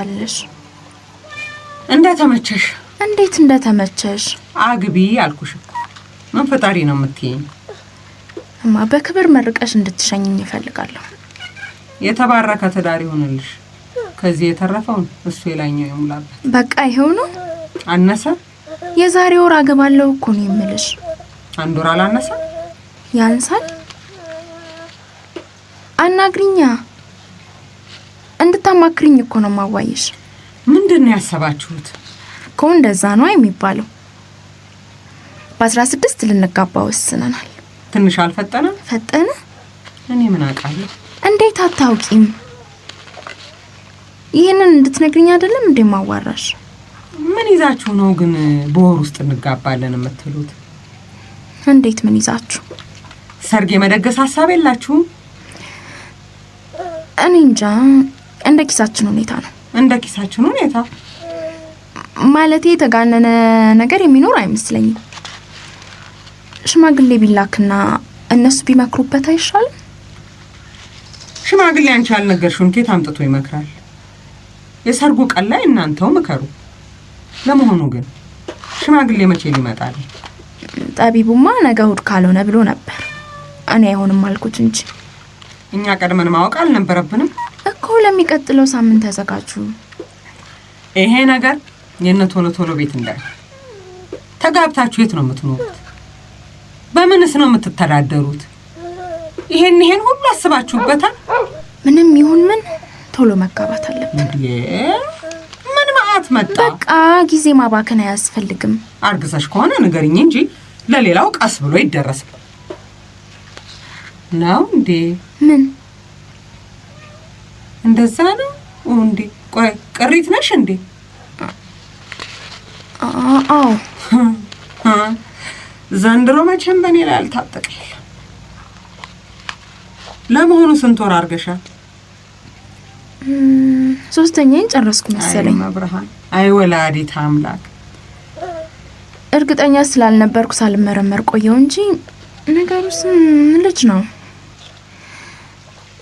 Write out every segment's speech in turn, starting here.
ትወጃለሽ? እንደተመቸሽ። እንዴት እንደተመቸሽ? አግቢ አልኩሽ። ምን ፈጣሪ ነው የምትይኝ? እማ በክብር መርቀሽ እንድትሸኝኝ እፈልጋለሁ። የተባረከ ትዳር ይሆንልሽ። ከዚህ የተረፈውን እሱ የላኛው ይሙላበት። በቃ ይሄው ነው። አነሰ? የዛሬ ወር አገባለሁ እኮ ነው የምልሽ። አንድ ወር አላነሰ? ያንሳል። አናግሪኛ እንድታማክርኝ እኮ ነው ማዋየሽ። ምንድን ነው ያሰባችሁት? እኮ እንደዛ ነው የሚባለው። በአስራ ስድስት ልንጋባ ወስነናል። ትንሽ አልፈጠነ? ፈጠነ። እኔ ምን አውቃለሁ? እንዴት አታውቂም? ይህንን እንድትነግርኝ አይደለም እንዴ ማዋራሽ? ምን ይዛችሁ ነው ግን በወር ውስጥ እንጋባለን የምትሉት? እንዴት ምን ይዛችሁ? ሰርግ የመደገስ ሀሳብ የላችሁም? እኔ እንጃ። እንደ ኪሳችን ሁኔታ ነው። እንደ ኪሳችን ሁኔታ ማለቴ የተጋነነ ነገር የሚኖር አይመስለኝም። ሽማግሌ ቢላክና እነሱ ቢመክሩበት አይሻልም? ሽማግሌ አንቺ ያልነገርሽውን ኬት አምጥቶ ይመክራል? የሰርጉ ቀን ላይ እናንተው ምከሩ። ለመሆኑ ግን ሽማግሌ መቼ ሊመጣል? ጠቢቡማ ነገ ሁድ ካልሆነ ብሎ ነበር። እኔ አይሆንም አልኩት እንጂ እኛ ቀድመን ማወቅ አልነበረብንም። እኮ ለሚቀጥለው ሳምንት ተዘጋጁ። ይሄ ነገር የእነ ቶሎ ቶሎ ቤት እንዳይ ተጋብታችሁ የት ነው የምትኖሩት? በምንስ ነው የምትተዳደሩት? ይሄን ይሄን ሁሉ አስባችሁበታል? ምንም ይሁን ምን ቶሎ መጋባት አለብን። ምን ማአት መጣ። በቃ ጊዜ ማባከን አያስፈልግም። አርግዘሽ ከሆነ ንገርኝ እንጂ ለሌላው ቀስ ብሎ ይደረስ ነው እንዴ? ምን እንደዛ ነው እንዴ? ቆይ ቅሪት ነሽ እንዴ? አዎ። ዘንድሮ መቼም በእኔ ላይ አልታጠቅል። ለመሆኑ ስንት ወር አድርገሻል? ሶስተኛዬን ጨረስኩ መሰለኝ። መብርሃን፣ አይ ወላዲት አምላክ። እርግጠኛ ስላልነበርኩ ሳልመረመር ቆየው እንጂ ነገሩስ ልጅ ነው።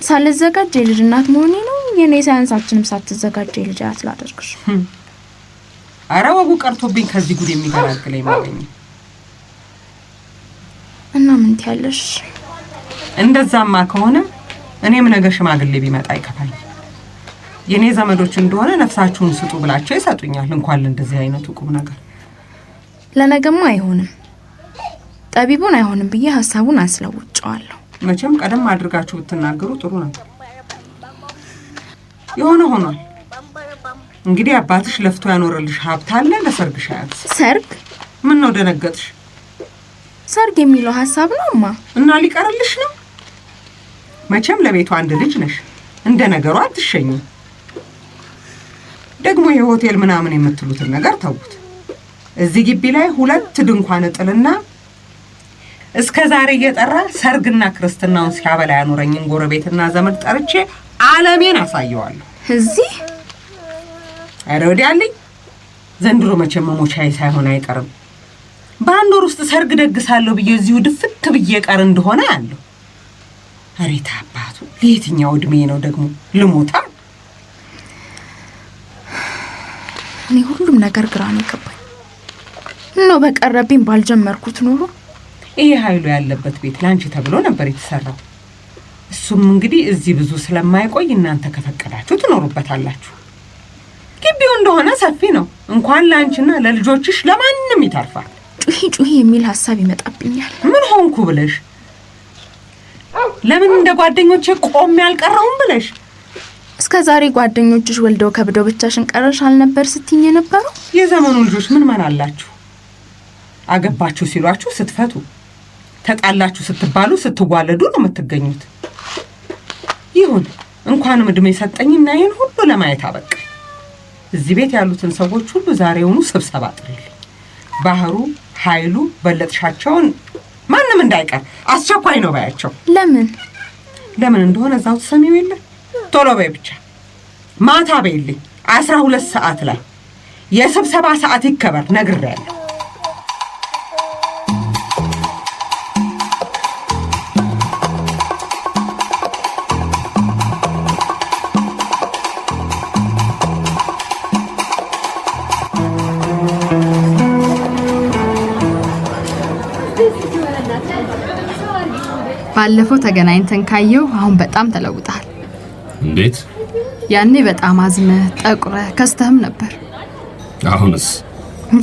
ሳልዘጋጅ የልጅ እናት መሆኔ ነው የኔ ሳያንሳችንም ሳትዘጋጀ ልጅ አያት ላደርግሽ። አረ ወጉ ቀርቶብኝ ከዚህ ጉድ የሚከላክለኝ ማለኝ እና ምንት ያለሽ። እንደዛማ ከሆነ እኔም ነገ ሽማግሌ ቢመጣ ይከፋኝ። የእኔ ዘመዶች እንደሆነ ነፍሳችሁን ስጡ ብላቸው ይሰጡኛል። እንኳን እንደዚህ አይነቱ ቁም ነገር ለነገማ አይሆንም። ጠቢቡን አይሆንም ብዬ ሀሳቡን አስለውጨዋለሁ። መቼም ቀደም አድርጋችሁ ብትናገሩ ጥሩ ነበር። የሆነ ሆኗል። እንግዲህ አባትሽ ለፍቶ ያኖረልሽ ሀብት አለ ለሰርግሽ አያት። ሰርግ? ምን ነው ደነገጥሽ? ሰርግ የሚለው ሀሳብ ነው እማ። እና ሊቀርልሽ ነው። መቼም ለቤቱ አንድ ልጅ ነሽ፣ እንደ ነገሩ አትሸኝ። ደግሞ የሆቴል ምናምን የምትሉትን ነገር ተውት። እዚህ ግቢ ላይ ሁለት ድንኳን እጥልና እስከ ዛሬ እየጠራ ሰርግና ክርስትናውን ሲያበላ ያኖረኝን ጎረቤትና ዘመድ ጠርቼ ዓለሜን አሳየዋለሁ። እዚህ ኧረ ወዲያ አለኝ። ዘንድሮ መቼም መሞቻዬ ሳይሆን አይቀርም። በአንድ ወር ውስጥ ሰርግ ደግሳለሁ ብዬ እዚሁ ድፍት ብዬ ቀር እንደሆነ አለሁ። አቤት አባቱ ለየትኛው እድሜ ነው ደግሞ ልሞታ? እኔ ሁሉም ነገር ግራ ነው የገባኝ። እነው በቀረብኝ ባልጀመርኩት ኖሮ። ይሄ ኃይሉ ያለበት ቤት ለአንቺ ተብሎ ነበር የተሰራው። እሱም እንግዲህ እዚህ ብዙ ስለማይቆይ እናንተ ከፈቀዳችሁ ትኖሩበታላችሁ። ግቢው እንደሆነ ሰፊ ነው። እንኳን ለአንቺና ለልጆችሽ ለማንም ይተርፋል። ጩሂ ጩሂ የሚል ሀሳብ ይመጣብኛል። ምን ሆንኩ ብለሽ ለምን እንደ ጓደኞቼ ቆሜ አልቀረሁም ብለሽ እስከ ዛሬ ጓደኞችሽ ወልደው ከብደው ብቻሽን ቀረሽ አልነበር ስትኝ የነበረው? የዘመኑ ልጆች ምን ማን አላችሁ? አገባችሁ ሲሏችሁ ስትፈቱ፣ ተጣላችሁ ስትባሉ ስትዋለዱ ነው የምትገኙት። ይሁን እንኳንም እድሜ የሰጠኝና ይህን ሁሉ ለማየት አበቃ። እዚህ ቤት ያሉትን ሰዎች ሁሉ ዛሬውኑ ስብሰባ ጥሪልኝ። ባህሩ፣ ኃይሉ፣ በለጥሻቸውን ማንም እንዳይቀር አስቸኳይ ነው ባያቸው። ለምን ለምን እንደሆነ እዛው ትሰሚው የለ ቶሎ በይ ብቻ ማታ በይልኝ አስራ ሁለት ሰዓት ላይ የስብሰባ ሰዓት ይከበር ነግሬያለሁ። ባለፈው ተገናኝተን ካየው አሁን በጣም ተለውጠሃል። እንዴት? ያኔ በጣም አዝነህ ጠቁረህ ከስተህም ነበር። አሁንስ?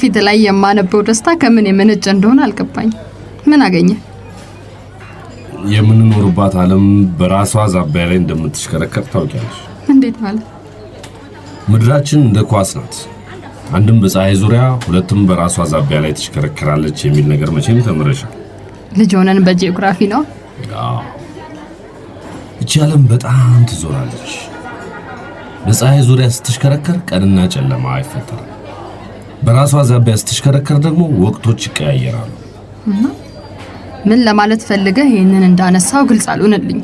ፊት ላይ የማነበው ደስታ ከምን የመነጨ እንደሆነ አልገባኝም። ምን አገኘ? የምንኖርባት ዓለም በራሷ ዛቢያ ላይ እንደምትሽከረከር ታውቂያለሽ። እንዴት ማለት? ምድራችን እንደ ኳስ ናት። አንድም በፀሐይ ዙሪያ ሁለትም በራሷ ዛቢያ ላይ ትሽከረከራለች የሚል ነገር መቼም ተምረሻል። ልጅ ሆነን በጂኦግራፊ ነው እቺ ዓለም በጣም ትዞራለች። በፀሐይ ዙሪያ ስትሽከረከር ቀንና ጨለማ አይፈጠርም። በራሷ ዛቢያ ስትሽከረከር ደግሞ ወቅቶች ይቀያየራሉ። ምን ለማለት ፈልገህ ይህንን እንዳነሳው ግልጽ አልሆነልኝ።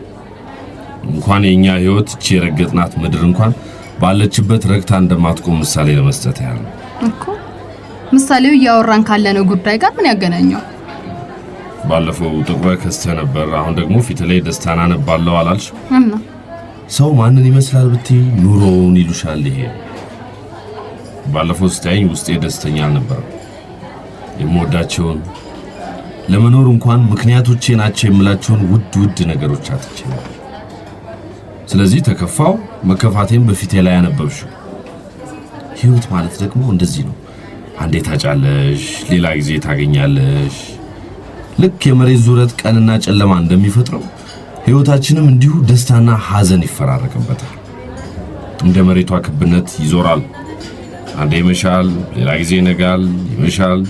እንኳን የእኛ ህይወት እቺ የረገጥናት ምድር እንኳን ባለችበት ረግታ እንደማትቆም ምሳሌ ለመስጠት ያህል ነው እኮ። ምሳሌው እያወራን ካለነው ጉዳይ ጋር ምን ያገናኘው? ባለፈው ጥቁረ ከስተ ነበር። አሁን ደግሞ ፊት ላይ ደስታን አነባለሁ አላልሽ? ሰው ማንን ይመስላል ብትይ ኑሮውን ይሉሻል። ይሄ ባለፈው ስታይኝ ውስጤ ደስተኛ አልነበረም። የምወዳቸውን ለመኖር እንኳን ምክንያቶቼ ናቸው የምላቸውን ውድ ውድ ነገሮች አጥቼ ነበር። ስለዚህ ተከፋው፣ መከፋቴን በፊቴ ላይ ያነበብሽው። ህይወት ማለት ደግሞ እንደዚህ ነው። አንዴ ታጫለሽ፣ ሌላ ጊዜ ታገኛለሽ። ልክ የመሬት ዙረት ቀንና ጨለማ እንደሚፈጥረው ሕይወታችንም እንዲሁ ደስታና ሐዘን ይፈራረቅበታል። እንደ መሬቷ ክብነት ይዞራል። አንዴ ይመሻል፣ ሌላ ጊዜ ይነጋል፣ ይመሻል፣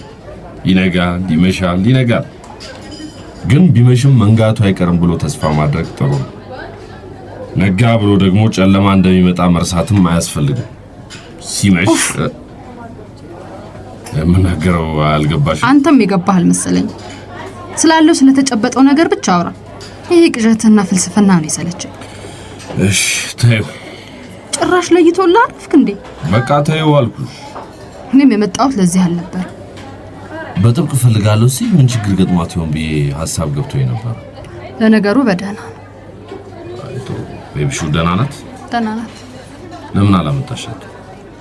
ይነጋል፣ ይመሻል፣ ይነጋል። ግን ቢመሽም መንጋቱ አይቀርም ብሎ ተስፋ ማድረግ ጥሩ ነው። ነጋ ብሎ ደግሞ ጨለማ እንደሚመጣ መርሳትም አያስፈልግም። ሲመሽ የምናገረው አልገባሽ? አንተም የገባህ አልመሰለኝ። ስላለው ስለተጨበጠው ነገር ብቻ አውራ። ይሄ ቅዠትና ፍልስፍና ነው የሰለችን። እሺ ተይው። ጭራሽ ለይቶላ አረፍክ እንዴ? በቃ ተይው አልኩ። እኔም የመጣሁት ለዚህ አልነበር። በጥብቅ እፈልጋለሁ ሲል ምን ችግር ገጥሟት ይሆን ብዬ ሀሳብ ገብቶ ነበር። ለነገሩ በደህና ነው። ቤቢሹ ደህና ናት? ደህና ናት። ለምን አላመጣሻት?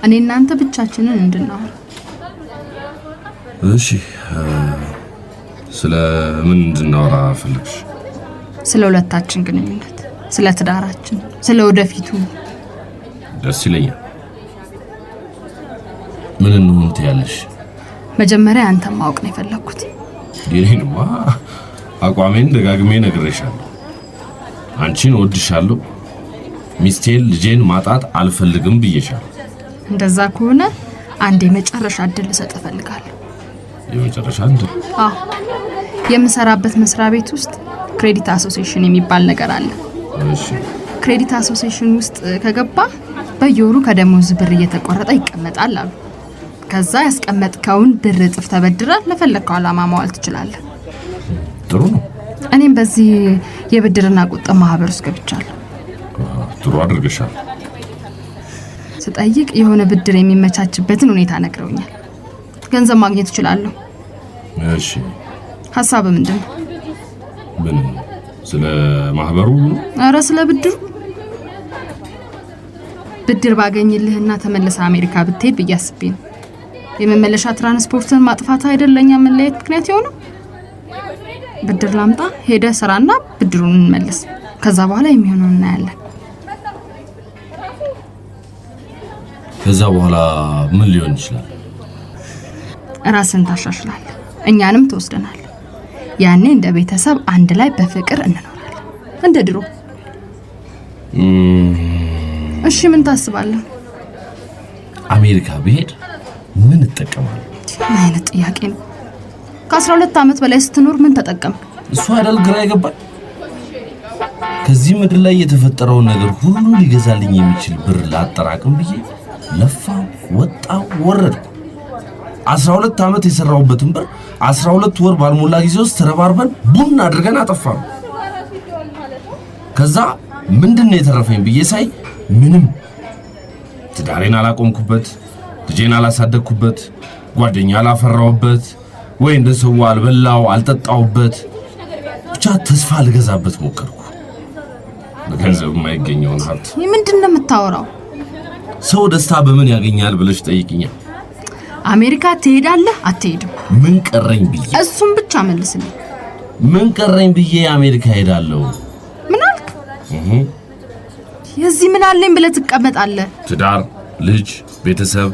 እኔ እናንተ ብቻችንን እንድናወራ። እሺ ስለምን ምን እንድናወራ ፈለግሽ? ስለ ሁለታችን ግንኙነት፣ ስለ ትዳራችን፣ ስለ ወደፊቱ። ደስ ይለኛል። ምን እንሆን ትያለሽ? መጀመሪያ አንተ ማወቅ ነው የፈለግኩት። የኔንማ አቋሜን ደጋግሜ ነግሬሻለሁ። አንቺን ወድሻለሁ፣ ሚስቴን ልጄን ማጣት አልፈልግም ብዬሻለሁ። እንደዛ ከሆነ አንድ የመጨረሻ እድል ልሰጥ እፈልጋለሁ። የመጨረሻ የምሰራበት መስሪያ ቤት ውስጥ ክሬዲት አሶሲሽን የሚባል ነገር አለ። ክሬዲት አሶሴሽን ውስጥ ከገባ በየወሩ ከደሞዝ ብር እየተቆረጠ ይቀመጣል አሉ። ከዛ ያስቀመጥከውን ብር እጥፍ ተበድረ ለፈለግከው አላማ ማዋል ትችላለህ። ጥሩ ነው። እኔም በዚህ የብድርና ቁጥብ ማህበር ውስጥ ገብቻለሁ። ጥሩ አድርገሻል። ስጠይቅ የሆነ ብድር የሚመቻችበትን ሁኔታ ነግረውኛል። ገንዘብ ማግኘት እችላለሁ። እሺ ሀሳብ ምንድን ምን ስለ ማህበሩ? አረ ስለ ብድሩ። ብድር ባገኝልህና ተመለሰ አሜሪካ ብትሄድ ብዬ አስቤ ነው። የመመለሻ ትራንስፖርትን ማጥፋት አይደለኛ መለየት ምክንያት የሆነው ብድር ላምጣ፣ ሄደ ስራና ብድሩን እንመለስ። ከዛ በኋላ የሚሆነው እናያለን። ከዛ በኋላ ምን ሊሆን ይችላል? ራስን ታሻሽላል። እኛንም ትወስደናል። ያኔ እንደ ቤተሰብ አንድ ላይ በፍቅር እንኖራለን እንደ ድሮ። እሺ ምን ታስባለህ? አሜሪካ ብሄድ ምን እጠቀማለሁ? ምን አይነት ጥያቄ ነው? ከአስራ ሁለት ዓመት በላይ ስትኖር ምን ተጠቀም? እሱ አይደል ግራ ይገባል። ከዚህ ምድር ላይ የተፈጠረውን ነገር ሁሉ ሊገዛልኝ የሚችል ብር ላጠራቅም ብዬ ለፋ ወጣ ወረድኩ። 12 ዓመት የሰራውበትን ብር 12 ወር ባልሞላ ጊዜ ውስጥ ተረባርበን ቡና አድርገን አጠፋ ነው። ከዛ ምንድን ነው የተረፈኝ ብዬ ሳይ ምንም ትዳሬን አላቆምኩበት፣ ልጄን አላሳደግኩበት፣ ጓደኛ አላፈራውበት፣ ወይ እንደ ሰው አልበላው አልጠጣውበት፣ ብቻ ተስፋ አልገዛበት ሞከርኩ። በገንዘብ የማይገኘውን ሀብት ምንድን ነው የምታወራው? ሰው ደስታ በምን ያገኛል ብለሽ ጠይቅኛል። አሜሪካ ትሄዳለህ አትሄድም? ምን ቀረኝ ብዬ እሱም ብቻ መልስልኝ። ምን ቀረኝ ብዬ አሜሪካ ሄዳለሁ። ምን አልክ? የዚህ ምን አለኝ ብለህ ትቀመጣለህ? ትዳር፣ ልጅ፣ ቤተሰብ፣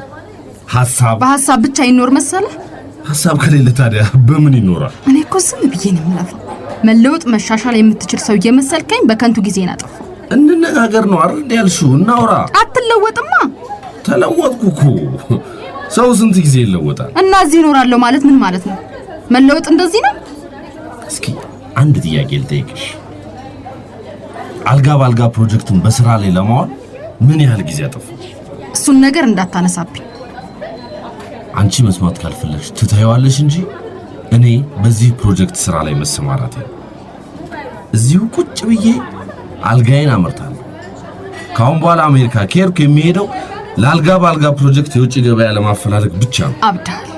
ሀሳብ። በሀሳብ ብቻ ይኖር መሰለህ? ሀሳብ ከሌለ ታዲያ በምን ይኖራል? እኔ እኮ ዝም ብዬ ነው የምለፋው። መለወጥ መሻሻል የምትችል ሰው እየመሰልከኝ በከንቱ ጊዜን አጠፋ። እንነጋገር ነው አይደል ያልሽው? እናውራ። አትለወጥማ። ተለወጥኩ እኮ ሰው ስንት ጊዜ ይለወጣል? እና እዚህ እኖራለሁ ማለት ምን ማለት ነው? መለወጥ እንደዚህ ነው? እስኪ አንድ ጥያቄ ልጠይቅሽ። አልጋ በአልጋ ፕሮጀክቱን በስራ ላይ ለማዋል ምን ያህል ጊዜ አጠፋሽ? እሱን ነገር እንዳታነሳብኝ። አንቺ መስማት ካልፈለግሽ ትታየዋለሽ እንጂ እኔ በዚህ ፕሮጀክት ስራ ላይ መሰማራት እዚሁ ቁጭ ብዬ አልጋዬን አመርታለሁ። ካሁን በኋላ አሜሪካ ከሄድኩ የሚሄደው ለአልጋ በአልጋ ፕሮጀክት የውጭ ገበያ ለማፈላለግ ብቻ ነው። አብዳል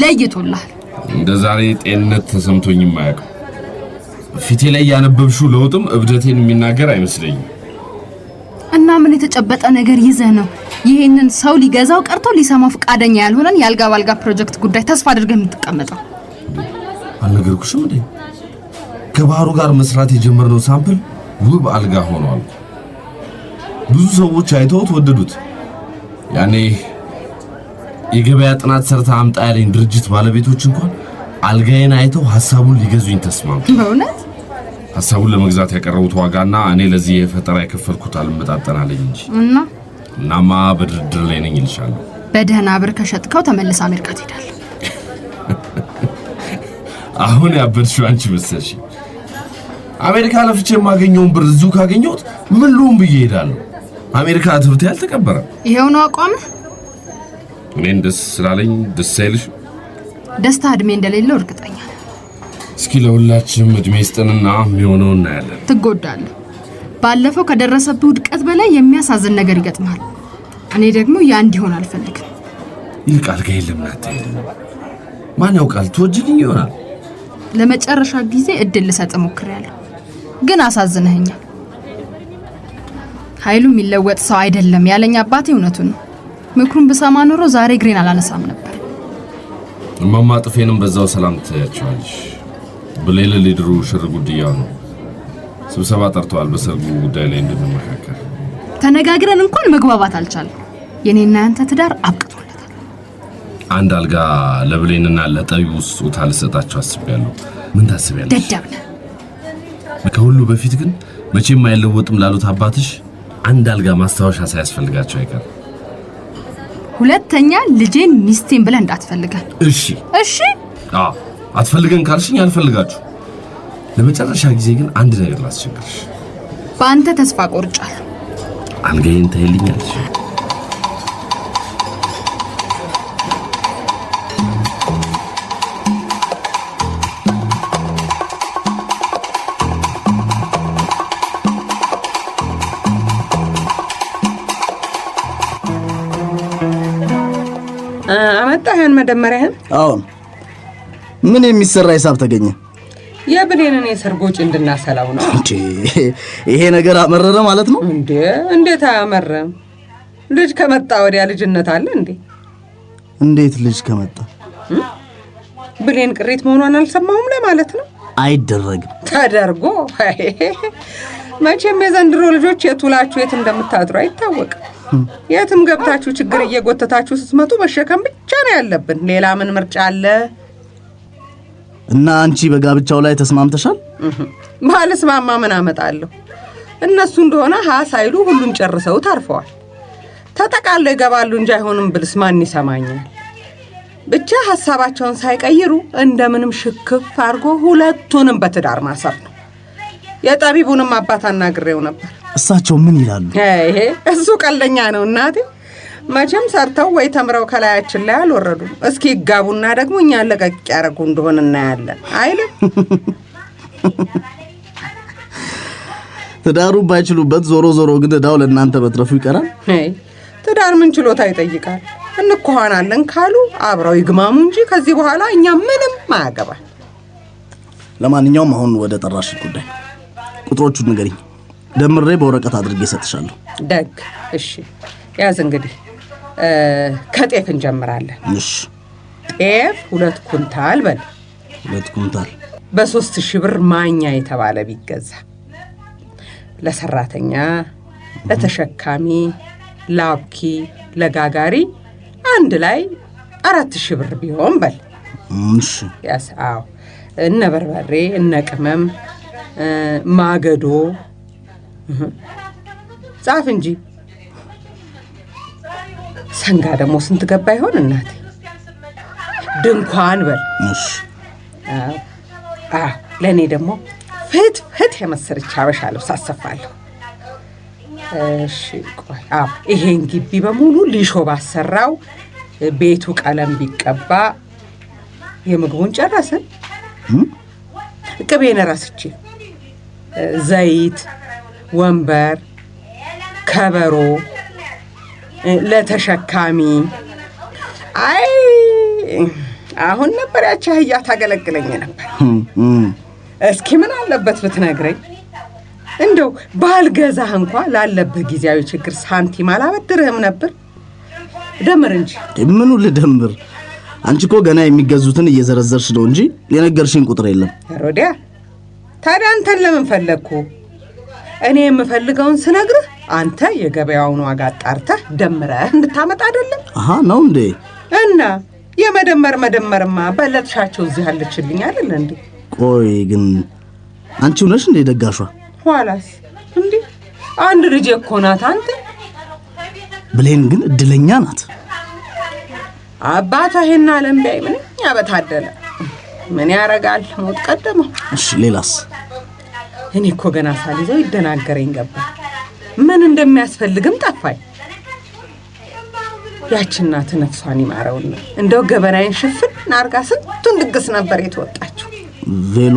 ለይቶላል። እንደ ዛሬ ጤንነት ተሰምቶኝም አያውቅም። ፊቴ ላይ ያነበብሽው ለውጥም እብደቴን የሚናገር አይመስለኝም። እና ምን የተጨበጠ ነገር ይዘህ ነው ይህንን ሰው ሊገዛው ቀርቶ ሊሰማው ፈቃደኛ ያልሆነን የአልጋ ባልጋ ፕሮጀክት ጉዳይ ተስፋ አድርገህ የምትቀመጠው? አልነገርኩሽም እንዴ? ከባህሩ ጋር መስራት የጀመርነው ሳምፕል ውብ አልጋ ሆኗል። ብዙ ሰዎች አይተውት ወደዱት። ያኔ የገበያ ጥናት ሰርታ አምጣ ያለኝ ድርጅት ባለቤቶች እንኳን አልጋዬን አይተው ሀሳቡን ሊገዙኝ ተስማሙ። በእውነት ሀሳቡን ለመግዛት ያቀረቡት ዋጋና እኔ ለዚህ የፈጠራ የከፈልኩት አልመጣጠናለኝ እንጂ እና እናማ በድርድር ላይ ነኝ እልሻለሁ። በደህና ብር ከሸጥከው ተመልሳ አሜሪካ ትሄዳለህ። አሁን ያበድሽው አንቺ መሰልሽ። አሜሪካ ለፍቼ የማገኘውን ብር እዚሁ ካገኘሁት ምን ልሁን ብዬ እሄዳለሁ። አሜሪካ ትብት ያልተቀበረ ይሄው ነው አቋም። እኔን ደስ ስላለኝ ደስ አይልሽ። ደስታ እድሜ እንደሌለው እርግጠኛ። እስኪ ለሁላችንም እድሜ ይስጠንና የሚሆነው እናያለን። ትጎዳለህ። ባለፈው ከደረሰብህ ውድቀት በላይ የሚያሳዝን ነገር ይገጥማል። እኔ ደግሞ ያ እንዲሆን አልፈልግም። ይልቃል ጋ የለም ናት ማን ያውቃል፣ ትወጅልኝ ይሆናል። ለመጨረሻ ጊዜ እድል ልሰጥ ሞክሬያለሁ፣ ግን አሳዝነኸኛል። ኃይሉ የሚለወጥ ሰው አይደለም ያለኝ አባቴ እውነቱን ምክሩን ብሰማ ኖሮ ዛሬ እግሬን አላነሳም ነበር። እማማ ጥፌንም በዛው ሰላም ትታያቸዋለሽ። ብሌለ ሊድሩ ሽር ጉድ ነው። ስብሰባ ጠርተዋል፣ በሰርጉ ጉዳይ ላይ እንድንመካከል ተነጋግረን እንኳን መግባባት አልቻለም። የኔና ያንተ ትዳር አብቅቶለታል። አንድ አልጋ ለብሌንና ለጠዩ ስጦታ ልሰጣቸው አስቤያለሁ። ምን ታስቢያለሽ? ደደብ ከሁሉ በፊት ግን መቼም አይለወጥም ላሉት አባትሽ አንድ አልጋ ማስታወሻ ሳያስፈልጋቸው አይቀር። ሁለተኛ ልጄን ሚስቴን ብለህ እንዳትፈልገን። እሺ እሺ። አትፈልገን ካልሽኝ አልፈልጋችሁ። ለመጨረሻ ጊዜ ግን አንድ ነገር ላስቸግርሽ። በአንተ ተስፋ ቆርጫል። አልጋዬን ታይልኛለሽ? መደመሪያህን። አሁን ምን የሚሰራ ሂሳብ ተገኘ? የብሌንን የሰርግ ወጪ እንድናሰላው ነው። እንዴ ይሄ ነገር አመረረ ማለት ነው እንዴ? እንዴት አያመረም? ልጅ ከመጣ ወዲያ ልጅነት አለ እንዴ? እንዴት ልጅ ከመጣ ብሌን ቅሪት መሆኗን አልሰማሁም ለማለት ነው። አይደረግም ተደርጎ መቼም የዘንድሮ ልጆች የቱላችሁ የት እንደምታድሩ አይታወቅም። የትም ገብታችሁ ችግር እየጎተታችሁ ስትመጡ መሸከም ብቻ ነው ያለብን። ሌላ ምን ምርጫ አለ? እና አንቺ በጋብቻው ላይ ተስማምተሻል? ባልስማማ ምን አመጣለሁ? እነሱ እንደሆነ ሀ ሳይሉ ሁሉም ጨርሰው ታርፈዋል። ተጠቃሎ ይገባሉ እንጂ አይሆንም ብልስ ማን ይሰማኛል? ብቻ ሀሳባቸውን ሳይቀይሩ እንደምንም ሽክፍ አድርጎ ሁለቱንም በትዳር ማሰር ነው። የጠቢቡንም አባት አናግሬው ነበር። እሳቸው ምን ይላሉ? ይሄ እሱ ቀልደኛ ነው እናቴ። መቼም ሰርተው ወይ ተምረው ከላያችን ላይ አልወረዱም። እስኪ ይጋቡና ደግሞ እኛን ለቀቅ ያደረጉ እንደሆን እናያለን አይልም። ትዳሩ ባይችሉበት ዞሮ ዞሮ ግን እዳው ለእናንተ መትረፉ ይቀራል። ትዳር ምን ችሎታ ይጠይቃል? እንኳኋናለን ካሉ አብረው ይግማሙ እንጂ ከዚህ በኋላ እኛ ምንም አያገባል። ለማንኛውም አሁን ወደ ጠራሽ ጉዳይ ቁጥሮቹን ንገሪኝ። ደምሬ በወረቀት አድርጌ እሰጥሻለሁ። ደግ እሺ፣ ያዝ እንግዲህ ከጤፍ እንጀምራለን። እሺ፣ ጤፍ ሁለት ኩንታል በል። ሁለት ኩንታል በሶስት ሺህ ብር ማኛ የተባለ ቢገዛ ለሰራተኛ፣ ለተሸካሚ፣ ለአብኪ፣ ለጋጋሪ አንድ ላይ አራት ሺህ ብር ቢሆን በል። እሺ፣ ያስ አዎ፣ እነ በርበሬ እነ ቅመም ማገዶ ጻፍ እንጂ ሰንጋ ደግሞ ስንት ገባ ይሆን እናቴ? ድንኳን በል ለእኔ ደግሞ ፍት ፍት የመሰለች አበሻ ልብስ አሰፋለሁ። እሺ ቆይ ይሄን ግቢ በሙሉ ሊሾ ባሰራው ቤቱ ቀለም ቢቀባ የምግቡን ጨረስን። ቅቤን ረስቼ ዘይት ወንበር፣ ከበሮ ለተሸካሚ። አይ አሁን ነበር ያቺ አህያ ታገለግለኝ ነበር። እስኪ ምን አለበት ብትነግረኝ? እንደው ባልገዛህ እንኳ ላለብህ ጊዜያዊ ችግር ሳንቲም አላበድርህም ነበር። ደምር እንጂ። ምኑ ልደምር? አንቺ እኮ ገና የሚገዙትን እየዘረዘርሽ ነው እንጂ የነገርሽን ቁጥር የለም። ሮዲያ ታዲያ አንተን ለምን ፈለግኩ? እኔ የምፈልገውን ስነግርህ አንተ የገበያውን ዋጋ ጣርተ ደምረህ እንድታመጣ አይደለም? አሃ ነው እንዴ? እና የመደመር መደመርማ በለጥሻቸው እዚህ አለችልኝ አይደለ እንዴ? ቆይ ግን አንቺው ነሽ እንዴ ደጋሿ? ኋላስ እንዴ አንድ ልጅ እኮ ናት። አንተ ብሌን ግን እድለኛ ናት። አባቷ ይሄን ዓለም ቢያይ ምንኛ በታደለ። ምን ያረጋል፣ ሞት ቀደመው። እሺ ሌላስ? እኔ እኮ ገና ሳልይዘው ይደናገረኝ ገባ። ምን እንደሚያስፈልግም ጠፋኝ። ያች እናት ነፍሷን ይማረውና እንደው ገበናዬን ሽፍን አርጋ ስንቱን ድግስ ነበር የተወጣችው። ቬሎ፣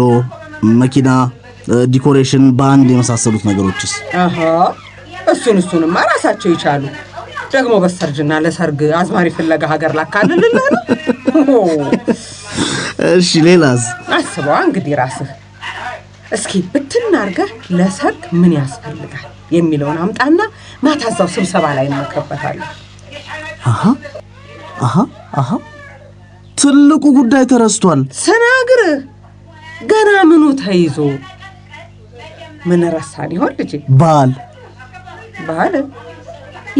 መኪና፣ ዲኮሬሽን፣ ባንድ የመሳሰሉት ነገሮችስ? እሱን እሱንማ ራሳቸው ይቻሉ። ደግሞ በሰርጅና ለሰርግ አዝማሪ ፍለጋ ሀገር ላካልልልህ ነው። እሺ ሌላስ? አስበዋ እንግዲህ ራስህ እስኪ ብትን ለሰርግ ምን ያስፈልጋል የሚለውን አምጣና ማታ እዛው ስብሰባ ላይ አሀ ትልቁ ጉዳይ ተረስቷል ስነግርህ ገና ምኑ ተይዞ ምን ረሳን ይሆን ልጄ? በዓል በዓል?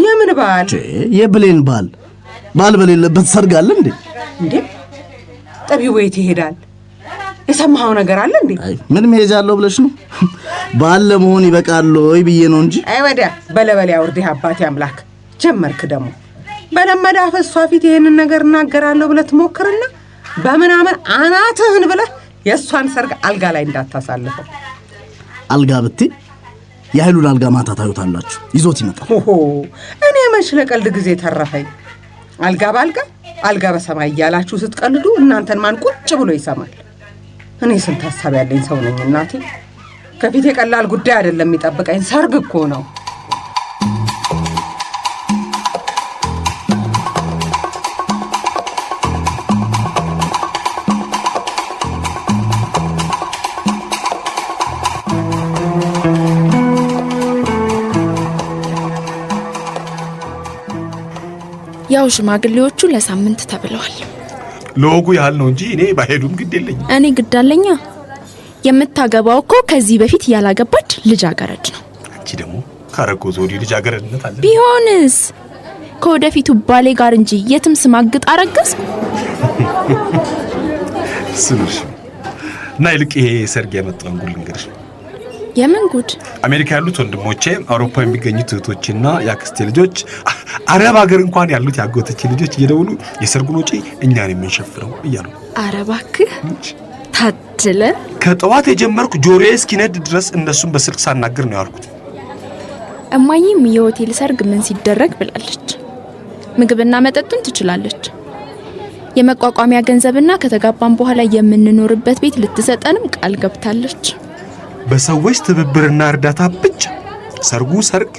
የምን በዓል? የብሌን በዓል። በዓል በሌለበት ሰርግ አለ እንዴ? እንዴ ጠቢው የት ይሄዳል? የሰማኸው ነገር አለ እንዴ? ምን መሄጃ አለው ብለሽ ነው? ባለ መሆን ይበቃል ወይ ብዬ ነው እንጂ። አይ ወዲያ በለበል ያውርድህ። አባቴ አምላክ ጀመርክ ደግሞ። በለመደ ፈሷ ፊት ይህንን ነገር እናገራለሁ ብለህ ትሞክርና በምናምን አናትህን ብለህ የእሷን ሰርግ አልጋ ላይ እንዳታሳልፈው። አልጋ ብቴ የኃይሉን አልጋ ማታ ታዩታላችሁ። ይዞት ይመጣል። እኔ መች ለቀልድ ጊዜ ተረፈኝ። አልጋ በአልጋ አልጋ በሰማይ እያላችሁ ስትቀልዱ እናንተን ማን ቁጭ ብሎ ይሰማል? እኔ ስንት ሀሳብ ያለኝ ሰው ነኝ እናቴ። ከፊት የቀላል ጉዳይ አይደለም የሚጠብቀኝ፣ ሰርግ እኮ ነው። ያው ሽማግሌዎቹ ለሳምንት ተብለዋል። ለወጉ ያህል ነው እንጂ እኔ ባሄዱም ግድ የለኝ። እኔ ግድ አለኛ። የምታገባው እኮ ከዚህ በፊት ያላገባች ልጃገረድ ነው። አንቺ ደግሞ ካረጎ ዞዲ ልጃገረድነት አለ። ቢሆንስ ከወደፊቱ ባሌ ጋር እንጂ የትም ስማግጥ አረገዝኩ ስሉሽ እና ይልቅ ይሄ ሰርግ ያመጣውን ጉል እንግዲህ የምን ጉድ! አሜሪካ ያሉት ወንድሞቼ፣ አውሮፓ የሚገኙት እህቶችና የአክስቴ ልጆች፣ አረብ ሀገር እንኳን ያሉት ያጎተች ልጆች እየደውሉ የሰርጉን ወጪ እኛን የምንሸፍነው እያሉ። ኧረ ታድለን። ከጠዋት የጀመርኩ ጆሮዬ እስኪነድ ድረስ እነሱን በስልክ ሳናግር ነው ያልኩት። እማዬም የሆቴል ሰርግ ምን ሲደረግ ብላለች። ምግብና መጠጡን ትችላለች። የመቋቋሚያ ገንዘብና ከተጋባን በኋላ የምንኖርበት ቤት ልትሰጠንም ቃል ገብታለች። በሰዎች ትብብርና እርዳታ ብቻ ሰርጉ ሰርግ፣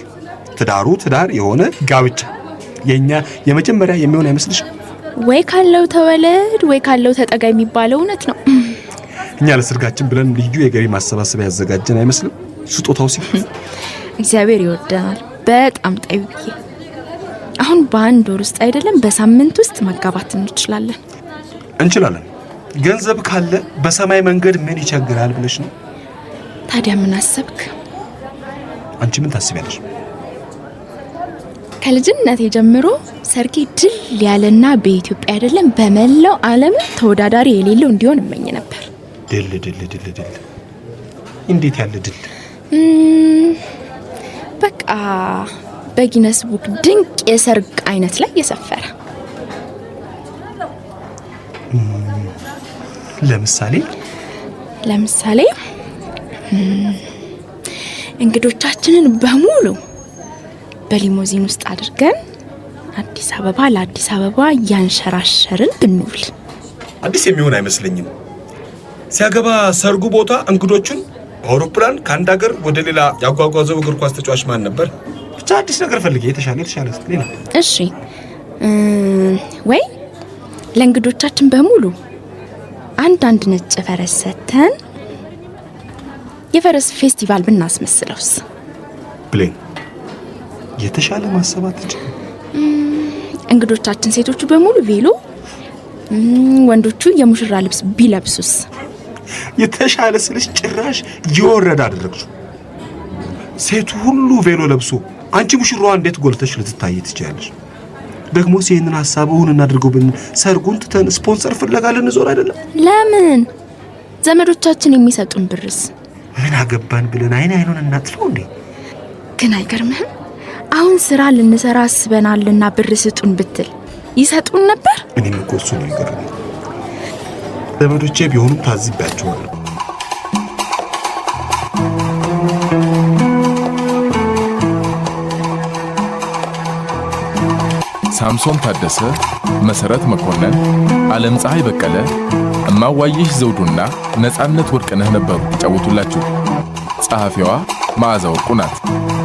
ትዳሩ ትዳር የሆነ ጋብቻ የእኛ የመጀመሪያ የሚሆን አይመስልሽ? ወይ ካለው ተወለድ ወይ ካለው ተጠጋ የሚባለው እውነት ነው። እኛ ለሰርጋችን ብለን ልዩ የገቢ ማሰባሰቢያ ያዘጋጀን አይመስልም? ስጦታው ሲ እግዚአብሔር ይወደናል። በጣም ጠይቄ። አሁን በአንድ ወር ውስጥ አይደለም በሳምንት ውስጥ መጋባት እንችላለን እንችላለን። ገንዘብ ካለ በሰማይ መንገድ ምን ይቸግራል ብለሽ ነው ታዲያ ምን አሰብክ? አንቺ ምን ታስቢያለሽ? ከልጅነቴ ጀምሮ ሰርጌ ድል ያለና በኢትዮጵያ አይደለም በመላው ዓለም ተወዳዳሪ የሌለው እንዲሆን እመኝ ነበር። ድል ድል ድል ድል! እንዴት ያለ ድል! በቃ በጊነስ ቡክ ድንቅ የሰርግ አይነት ላይ የሰፈረ ለምሳሌ ለምሳሌ እንግዶቻችንን በሙሉ በሊሞዚን ውስጥ አድርገን አዲስ አበባ ለአዲስ አበባ ያንሸራሸርን ብንውል አዲስ የሚሆን አይመስለኝም። ሲያገባ ሰርጉ ቦታ እንግዶቹን በአውሮፕላን ከአንድ ሀገር ወደ ሌላ ያጓጓዘው እግር ኳስ ተጫዋች ማን ነበር? ብቻ አዲስ ነገር ፈልጌ የተሻለ የተሻለ ሌላ እሺ ወይ ለእንግዶቻችን በሙሉ አንድ አንድ ነጭ ፈረስ ሰተን የፈረስ ፌስቲቫል ብናስመስለውስ? ብሌን የተሻለ ማሰባት እንጂ እንግዶቻችን ሴቶቹ በሙሉ ቬሎ፣ ወንዶቹ የሙሽራ ልብስ ቢለብሱስ? የተሻለ ስልሽ ጭራሽ የወረደ አደረግሽ። ሴቱ ሁሉ ቬሎ ለብሶ አንቺ ሙሽራዋ እንዴት ጎልተሽ ልትታይ ትችያለሽ? ደግሞ ይህንን ሀሳብ እውን እናድርገው ብን ሰርጉን ትተን ስፖንሰር ፍለጋ ልንዞር አይደለም? ለምን ዘመዶቻችን የሚሰጡን ብርስ ምን አገባን ብለን አይን አይኑን እናጥፈው እንዴ? ግን አይገርምህም? አሁን ስራ ልንሰራ አስበናልና ብር ስጡን ብትል ይሰጡን ነበር። እኔም እኮ እሱ ነው ይገርም። ዘመዶቼ ቢሆኑም ታዝቢያቸዋለሁ። ሳምሶን ታደሰ፣ መሠረት መኮንን፣ ዓለም ፀሐይ በቀለ፣ እማዋይሽ ዘውዱና ነፃነት ወርቅነህ ነበሩ ይጫወቱላችሁ። ጸሐፊዋ መዓዛ ወርቁ ናት።